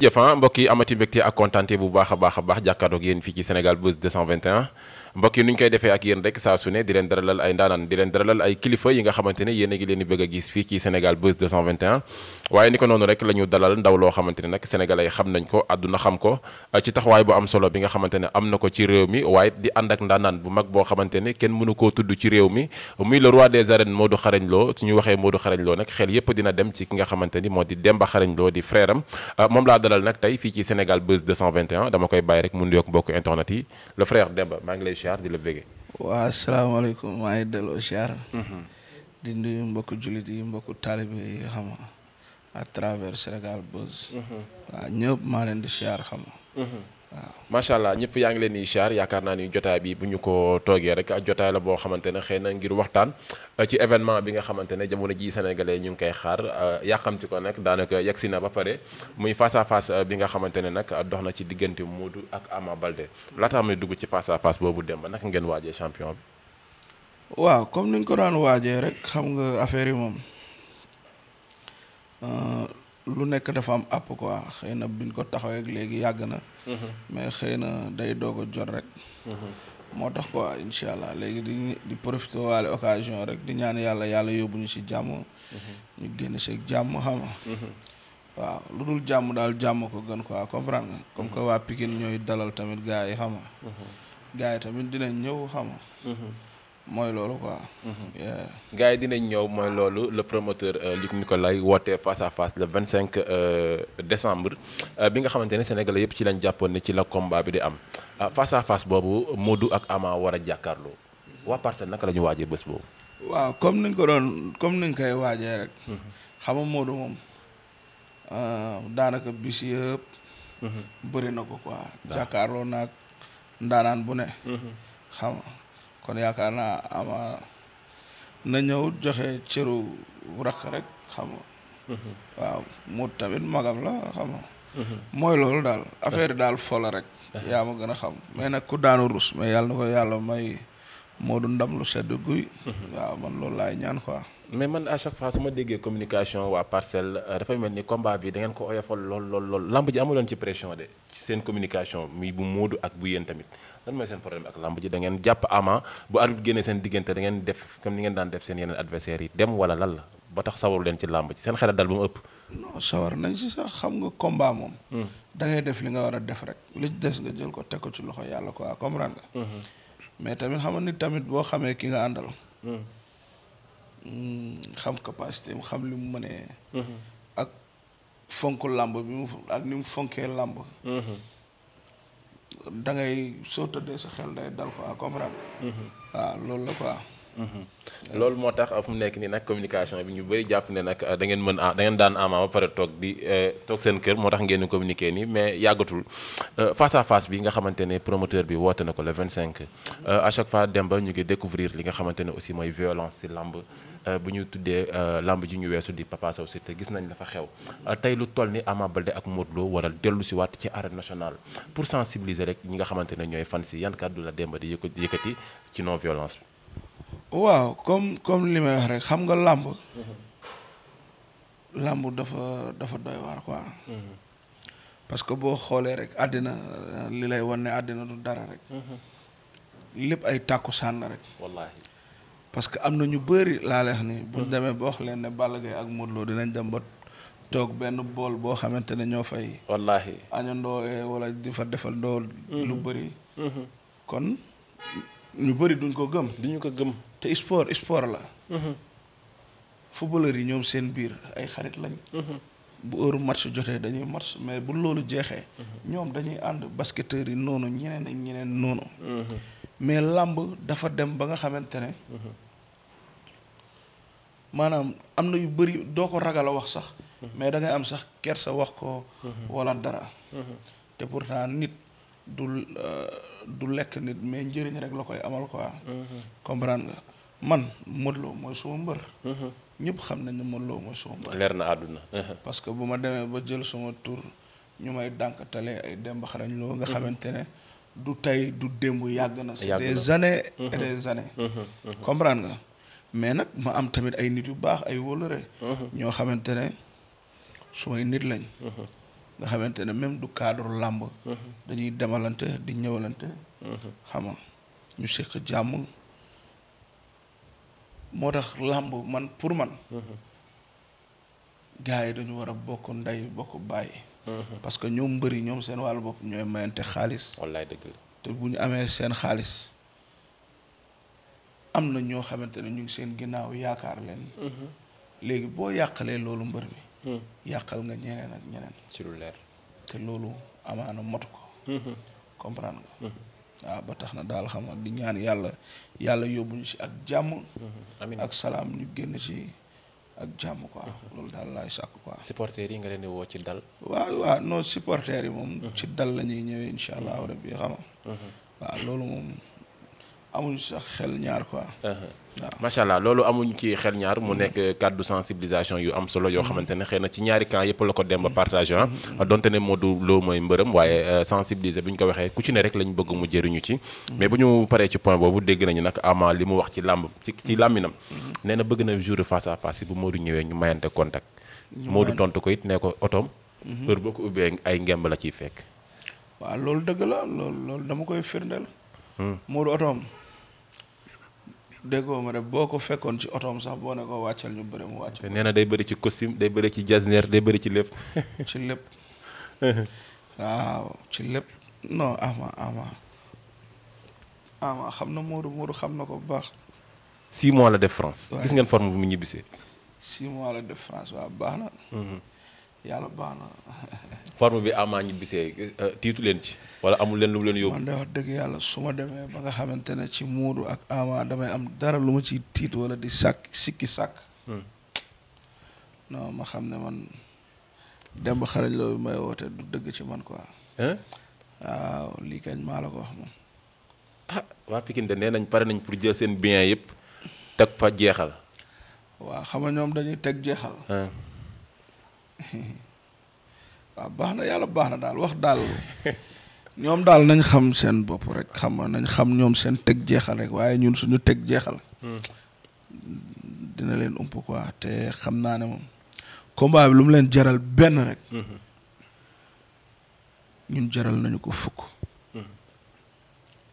jëf ah, mbokk yi amati mbégte ak kontaante bu baax a baax a baax jàkkaarloog yéen fii ci Sénégal Buzz 221 mbokk yi nu ñu koy defee ak yéen rek saa su ne di leen daralal ay ndaanaan di leen daralal ay kilifa yi nga xamante ne yéen a leen di bëgg a gis fii ci Sénégal Buzz 221 waaye ni ko noonu rek la ñu dalal ndaw loo xamante ne nag sénégalais yi xam nañ ko àdduna xam ko ci taxawaay bu am solo bi nga xamante ne am na ko ci réew mi waaye di ànd ak ndaanaan bu mag boo xamante ne kenn mënu koo tudd ci réew mi muy le roi des arènes Modou Xarañ Lo suñu waxee Modou Xarañ Lo nag xel yépp dina dem ci ki nga xamante ni moo d Demba Xarañ Lo di ah, moom laa dalal nag tey fii ci Sénégal Buzz 221 dama koy bàyyi rek mu nuyoog mbokk internet yi le frère Demba maa ngi lay siyaar di la bëggee. waaw asalaamaaleykum maa ngi delloo siyaar. Mm-hmm. di nuyu mbokku jullit yi mbokku taalibe travers Sénégal Buzz. Mm-hmm. waaw ñëpp maa leen di siyaar xam waaw macha allah ñëpp yaa ngi leen di char yaakaar naa ni jotaay bi bu ñu ko toogee rek jotaay la boo xamante ne xëy na ngir waxtaan euh, ci événement bi nga xamante ne jamono ji sénégalais ñu ngi koy xaar euh, yàqamti ko nag daanaka yàgg si na ba pare muy face à euh, bi nga xamante ne nag dox na ci diggante Modou ak Ama Baldé laata muy dugg ci face à face boobu dem ba naka ngeen waajee champion bi. waaw comme ni ñu ko daan waajee rek xam nga affaire yi moom. lu nekk dafa am àpp quoi xëy na biñ ko taxawee ak léegi yàgg na. Mhm. mais xëy na day doog a jot rek. Mhm. moo tax quoi incha allah léegi di di profité waale occasion rek di ñaan yàlla yàlla yóbbu ñu si jàmm. Mhm. ñu génn ci jàmm xam waaw lu dul jàmm daal jàmm ko gën quoi comprendre nga. comme que waa Pikine ñooy dalal tamit gars yi xam nga. gars yi tamit dinañ ñëw xam mooy loolu quoi. Mhm. gaa yi dinañ ñëw mooy loolu le promoteur euh, Luc Nicolaï woote face à la le cinq euh, décembre euh, bi nga xamante ne Sénégalais yëpp ci lañ jàppoon ne ci la combat bi di am fassa à boobu Modou ak Ama war a jàkkaarloo waa Parcelles naka la ñu waajee bés boobu. waaw comme niñ ko doon comme niñ koy waajee rek. Mhm. xam nga Modou moom daanaka bis yëpp. Mhm. bëri na ko quoi. jàkkaarloo naag ndaanaan bu ne. xam kon yaakaar naa ama na ñëw joxe cëru rakk rek xam nga mhm. waaw mut tamit magam la xam mhm. mooy loolu daal affaire daal fola rek mhm. yaa ma gën a xam mais nag ku daanu rus ma yàlla na ko yàlla may moo du ndam lu sedd guy waaw man loolu laay ñaan ko mais man à chaque fois su ma déggee communication waa parcelle euh, dafay mel ni combat bi da ngeen ko oyofal lool lool lool lamb ji amuloon ci pression de seen communication mi bu Modou ak bu yéen tamit lan mooy seen problème ak lamb jàpp ama bu arbitre génnee seen diggante da def comme ni ngeen daan def seen yeneen adversaires yi dem wala lan la ba tax sawaru leen ci lamb ji seen xel dal ba mu ëpp. sawar nañ si sax xam nga combat moom. Hmm. da def li nga war a xam capacité mu xam li mu manee mm-hmm. ak fonk làmb bi mu ak mu fonkee làmb. Mm-hmm. da ngay soo tëddee sa xel day dal ko à comprendre. Mm-hmm. waaw loolu la quoi. Mm-hmm. loolu moo tax fu mu nekk nii nag communication bi ñu bëri jàpp ne nag ah, da ngeen mën a da daan ama ba pare toog di eh, toog seen kër moo tax ngeen di communiqué nii mais yàggatul euh, face à face bi nga xamante ne promoteur bi woote na ko le 25. Euh, à chaque fois dem ñu ngi découvrir li nga xamante ne aussi mooy violence ci làmb euh, bu ñu tuddee làmb ji ñu weesu di Papa Sow te gis nañ dafa xew tey lu toll ni Ama Baldé ak Modou Lo waral dellu si waat ci arène national pour sensibiliser rek ñi nga xamante ne ñooy fan si yan kàddu la dem ba di yëkkati ci non violence bi. waaw comme comme li may wax rek xam nga làmb mm-hmm. làmb dafa dafa doy waar quoi mm-hmm. parce que boo xoolee rek àddina euh, li lay wane àddina du dara rek mm-hmm. lépp ay tàkku la rek wallaahi que am na ñu bëri laa ni buñ demee ba wax leen ne Balla ak Modou Lo dinañ dem ba toog benn bool boo xamante ne ñoo fay wallaahi añandoo eh, wala di fa defandoo lu bëri kon ñu bëri duñ ko gëm duñu ko gëm te sport sport la. Mhm. footballeur yi ñoom seen biir ay xarit lañ. Mhm. bu heure match jotee dañuy match mais bu loolu jeexee. Mhm. ñoom dañuy ànd basketteurs yi noonu ñeneen ñeneen noonu. mais làmb dafa dem ba nga xamante ne. maanaam am na yu bëri doo ko ragal a wax sax. mais da ngay am sax kersa wax ko. wala dara. te pourtant nit. du euh, du lekk nit mais njëriñ rek la koy amal quoi. Mhm. comprendre nga man Modou Lo mooy suma mbër. Mhm. ñëpp xam nañ ne Modou Lo mooy suma mbër. leer na àdduna. Mhm. parce que bu ma demee ba jël suma tur ñu may dànk tale ay demb xarañ loo nga xamante ne du tey du démb yàgg na. c'est des années et des années. comprendre nga mais nag ma am tamit ay nit yu baax ay wóolare. ñoo xamante ne sumay nit lañ. nga xamante ne même du cadre làmb mm-hmm. dañuy demalante di ñëwalante mm-hmm. xama ñu seq jàmm moo tax làmb man pour man mm-hmm. gars yi dañu war a bokk ndey bokk bàyyi parce que ñoom mbëri ñoom seen wàllu bopp ñooy mayante xaalis wallaay dëgg la te bu ñu amee seen xaalis am na ñoo xamante ne ñu ngi seen ginnaaw yaakaar leen léegi boo yàqalee loolu mbër mi Hmm. yàqal nga ñeneen ak ñeneen. ci lu leer te loolu amaana motu ko. Hmm. comprendre nga. Hmm. waaw ba tax na daal xam nga di ñaan yàlla yàlla yóbbuñu si ak jàmm. amiin ak salaam ñu génn si ak jàmm quoi. loolu daal laay sàkk quoi. supporters yi nga leen di woo ci dal. waaw waaw non supporters yi moom. ci dal la ñuy ñëwee incha allahu rabbi xam nga. loolu moom. amuñu sax xel ñaar quoi. Uh-huh. waaw macha allah loolu amuñ ci xel ñaar mu mm-hmm. nekk kàddu sensibilisation yu am solo yoo mm-hmm. xamante ne xëy na ci ñaari camp yëpp la ko dem ba mm-hmm. partagé ah donte ne Modou Lo mooy mbërëm waaye euh, sensibiliser bu ñu ko waxee ku ci ne rek lañ bëgg mu jëriñu ci mais bu ñu paree ci point boobu dégg nañu nag Ama li mu wax ci làmb ci ci làmbinam nee na bëgg na jour de face à face bu Modou ñëwee ñu mayante contact du tontu ko it nee ko otoom heure boo ko ubbee ay ngemb la ciy fekk waaw loolu dëgg la loolu loolu dama koy firndeel hmm. Modou déggoo ma de boo ko fekkoon ci otoom sax boo ne koo wàccal ñu bari mu wàcc. nee na day bëri ci costume day bëri ci jasneer day bëri ci lépp. ci lépp. waaw ci lépp non ama ama ama xam na Modou Modou xam na ko bu baax. si mois la def France. gis ngeen forme bu mu ñibbisee. six mois la def France waaw baax na. Mhm. yàlla baax na. forme bi Ama ñibbisee euh, tiitu leen ci. wala amul leen lu mu leen yóbbu. man de wax dëgg yàlla su ma demee ba nga xamante ne ci Modou ak Ama damay am dara lu ma ciy tiit wala di sàkk sikki sàkk. Hmm. non ma xam ne man Demba xarañ loolu may woote du dëgg ci man quoi. waaw lii kañ maa la ko wax moom. ah waa Pikine de nee nañ pare nañ pour jël seen bien yëpp teg fa jeexal. waaw xam nga ñoom dañuy teg jeexal. waaw baax na yàlla baax na daal wax daal ñoom daal nañ xam seen bopp rek xam nañ xam ñoom seen teg jeexal rek waaye ñun suñu teg jeexal. dina leen ump quoi te xam naa ne moom combat bi lu mu leen jaral benn rek. ñun jaral nañu ko fukk.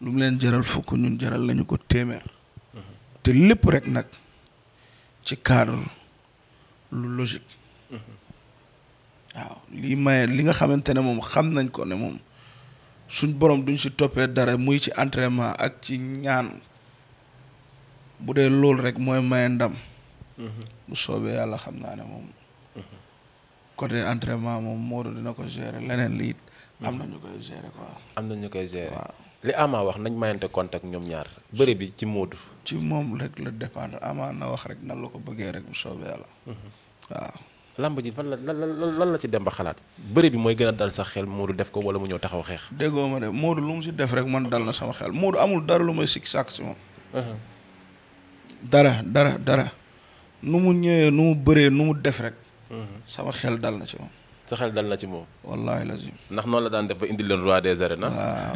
lu mu leen jaral fukk ñun jaral nañu ko téeméer. te lépp rek nag ci cadre lu logique. waaw lii maye li nga xamante ne moom xam nañ ko ne moom suñ borom duñ si toppee dara muy ci entraînement ak ci ñaan bu dee loolu rek mooy maye ndam. Mm-hmm. bu soobee yàlla xam naa ne moom. Mm-hmm. côté entraînement moom Modou dina ko gérer leneen li it am na ñu koy gérer quoi. am na ñu koy gérer waaw. li Ama wax nañ mayante contact ñoom ñaar bëre bi ci Modou. ci moom rek la dépendre Ama na wax rek nan la ko bëggee rek bu soobee yàlla. Mm-hmm. waaw. làmb ji fan la lan lan la ci dem ba xalaat bëri bi mooy gën a dal sax xel Modou def ko wala mu ñëw taxaw xeex. déggoo ma de Modou lu mu si def rek man dal na sama xel Modou amul dara lu may sikki sàkk si moom. Uh-huh. dara dara dara nu mu ñëwee nu mu bëree nu mu def rek. Uh-huh. sama xel dal na ci moom. sa xel dal na ci moom. wallaahi lazim. ndax noonu la daan def ba indil leen roi des arènes. Ah?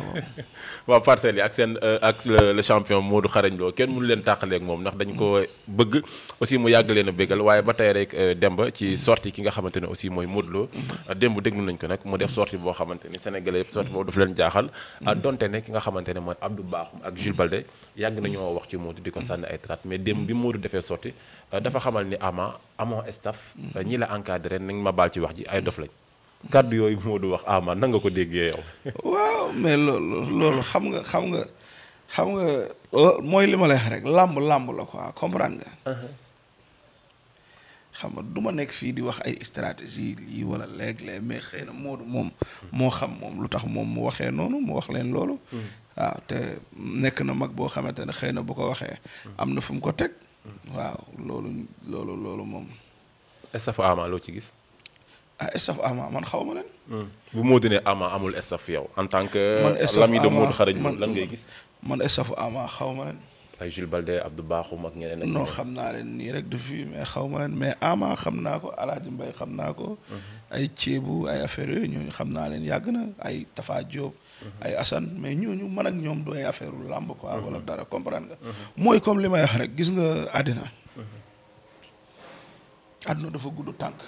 waaw waaw yi ak seen euh, ak le champion Modou Xarañ loo kenn mu nu leen tàqaleeg moom ndax dañ ko bëgg aussi mu yàgg leen a bëggal waaye ba tey rek euh, Demba ci sortie ki nga xamante ne aussi mooy Modou Lo mm-hmm. démb déglu nañ ko nag mu def sortie boo xamante ni Sénégalais yëpp sortie boobu dafa leen jaaxal mm-hmm. ah, donte ne ki nga xamante ne mooy Abdou Bakhoum ak Jules Baldé yàgg nañoo wax ci Modou di ko sànni ay traite mais démb bi Modou defee sortie euh, dafa xamal ama amoo staff mm-hmm. la encadré nañ ma baal ci wax ji ay kàddu yooyu du wax Ama nan nga ko déggee yow. waaw mais loolu loolu xam nga xam nga xam nga oh, mooy li ma lay rek làmb làmb la quoi comprendre nga. Uh-huh. xam nga duma nekk fii di wax ay stratégie lii wala léeg mais xëy na Modou moom. moo xam moom lu tax moom mu waxee noonu mu wax leen loolu. waaw uh-huh. ah, te nekk na mag boo xamante ne xëy na bu ko waxee. Uh-huh. am na fu mu ko teg. waaw loolu loolu loolu moom. est-ce loo ci gis. ah staff Ama man xaw ma leen. Hmm. bu Modou ne Ama amul staff yow en tant que. man staff Ama l'ami de Modou lan ngay gis. man staff Ama xaw ma leen. ay Jules Balde Abdou Bakhoum ak ñeneen ak. xam naa leen nii rek de mais xaw ma leen mais Ama xam naa ko Alaaji Mbay xam naa ko. Hmm. ay ceebu ay affaire yooyu ñooñu xam naa leen yàgg na ay Tafa Diop. Hmm. ay Assane mais ñooñu mën ak ñoom dooy affaire lu làmb quoi. wala dara comprendre nga. mooy comme li may wax gis nga àddina. àddina dafa gudd tànk.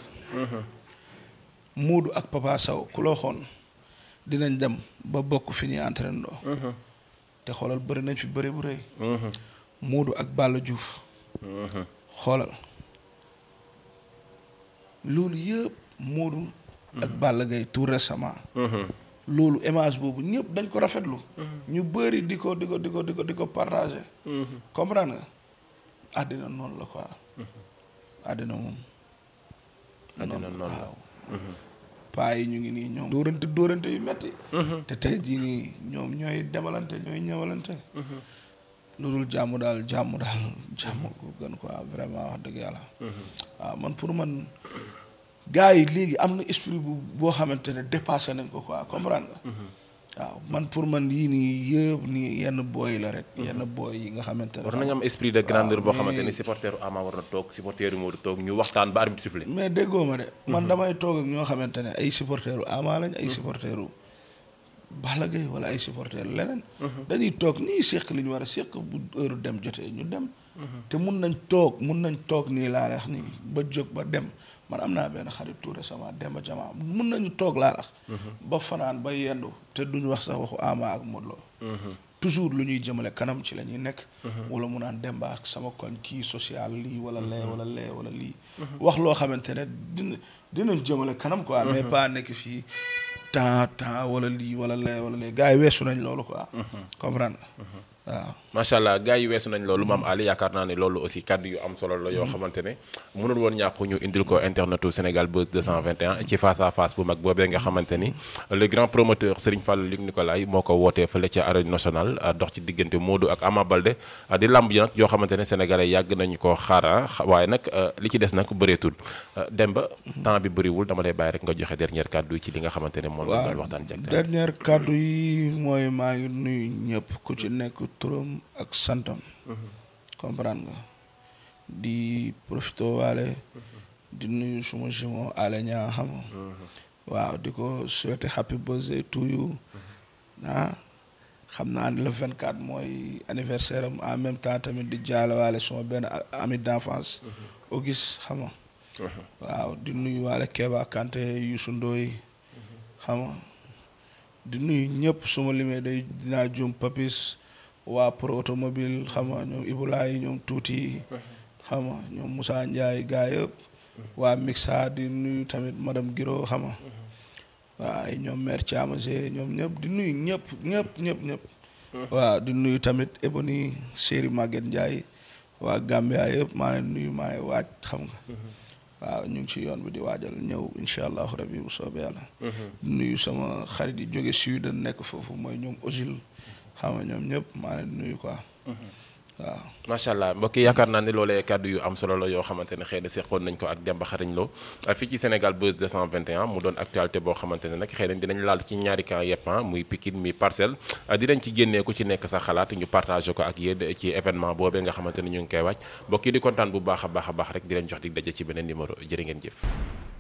Moodu ak Papa Sow ku loo xoon dinañ dem ba bokk fi ñuy entraîné mhm. te xoolal bari nañ fi bëri bu rëy. Mhm. Moodu ak Balla Diouf. Mhm. xoolal loolu yëpp Moodu. ak Balla Gaye tout récemment. loolu image boobu ñëpp dañ ko rafetlu. ñu bëri di ko di ko di ko di ko di ko partagé. comprendre nga àddina noonu la quoi. àddina moom. àddina waaw. paa yi ñu ngi nii ñoom dóorante dóorante yu metti mhm. te tey jii nii ñoom ñooy demalante ñooy ñëwalante loolu mhm. jàmm daal jàmm daal jàmm ko gën ko quoi vraiment wax dëgg yàlla mhm. waaw man pour man gars yi léegi am na esprit bu boo xamante ne dépassé nañ ko quoi comprendre nga waaw man pour man yii nii yëpp nii yenn booy la rek. Mhm. yenn booy yi nga xamante ne. war nañu am esprit de grandeur boo xamante ne supporteru Ama war na toog supporteru Modou ñu waxtaan ba arbitre sifflé. mais déggoo ma de. man mhm. damay toog ñoo xamante ne ay supporteru Ama lañ. ay mhm. supporteru Balla Gaye wala ay supporteru leneen. dañuy toog nii seq li ñu war a seq bu heure dem jotee ñu dem. te mun nañ toog mun nañ toog nii laa wax nii ba jóg ba dem. man am naa benn xarit tout récemment Demba Jama mun nañu toog laa lax mhm. ba fanaan ba yendu te duñu wax sax waxu Ama ak Modou Lo mhm. toujours lu ñuy jëmale kanam ci la ñuy nekk mhm. wala mu naan Demba ak sama koñ kii social lii wala lee wala lee wala lii wax loo xamante ne dina dinañ jëmale kanam quoi mais pas nekk fii temps temps wala lii wala lee wala lee gars yi weesu nañ loolu quoi comprendre waaw macha allah gars yi weesu nañ loolu maam Ali yaakaar naa ne loolu aussi kàddu yu am solo la yoo mm-hmm. xamante mënul woon ñàkku ñu indil ko internetu Sénégal Buzz 221 ci face à face bu mag boobee nga xamante mm-hmm. le grand promoteur Serigne Fallou Luc Nicolaï moo ko wootee fële ca arène nationale euh, dox ci diggante Modou ak Ama Baldé euh, di làmb ji nag yoo xamante ne yàgg nañu ko xaar ah, waaye nag euh, li ci des nag dem ba mm-hmm. temps bi bëriwul dama lay bàyyi rek nga joxe dernière kàddu yi ci li nga xamante ne moom la waxtaan jàkk dernière kàddu yi turam ak santam mm-hmm. comprendre nga di profité waale mm-hmm. di nuyu suma jumeau ale ñaa xam mm-hmm. waaw di ko souhaité happy birthday to you ah, xam naa ne le 24 mooy anniversaire en même temps tamit di jaale waale suma benn ami d'enfance Auguste xam waaw di nuyu waale Keba Kanté Youssou Ndoye xam nga di nuyu ñëpp suma limee day dinaa jum papis waa pro automobile xam ñoom ñoom yi ñoom tuuti xam nga ñoom musa Ndiaye gaa yëpp waa mixa di nuyu tamit madame Giro xam nga waa ñoom maire Thiamase ñoom ñëpp di nuyu ñëpp ñëpp ñëpp ñëpp di nuyu tamit Ebony Séri Maguette Ndiaye waa Gambia yëpp maa leen nuyu maa ngi waaj xam nga waaw ñu ngi ci yoon bi di waajal ñëw incha allahu rabi bu soobee yàlla mhm. nuyu sama xarit yi jóge Suède nekk foofu mooy ñoom Osil xam nga ñoom ñëpp maa leen nuyu quoi. Mm-hmm. waaw macha allah mbokk yi yaakaar naa ne loolee kàddu yu am solo la yoo xamante ne xëy na seqoon nañ ko ak Demba Xarañ Lo fii ci Sénégal Buzz 221 mu doon actualité boo xamante ne nag xëy na dinañ laal ci ñaari camp yépp ah, muy Pikine muy Parcelles ah, dinañ ci génnee ku ci nekk sa xalaat ñu partagé ko ak yéen ci événement boobee nga xamante ne ñu ngi koy waaj mbokk di kontaan bu baax a baax a baax rek di jox dig daje ci beneen numéro jërë ngeen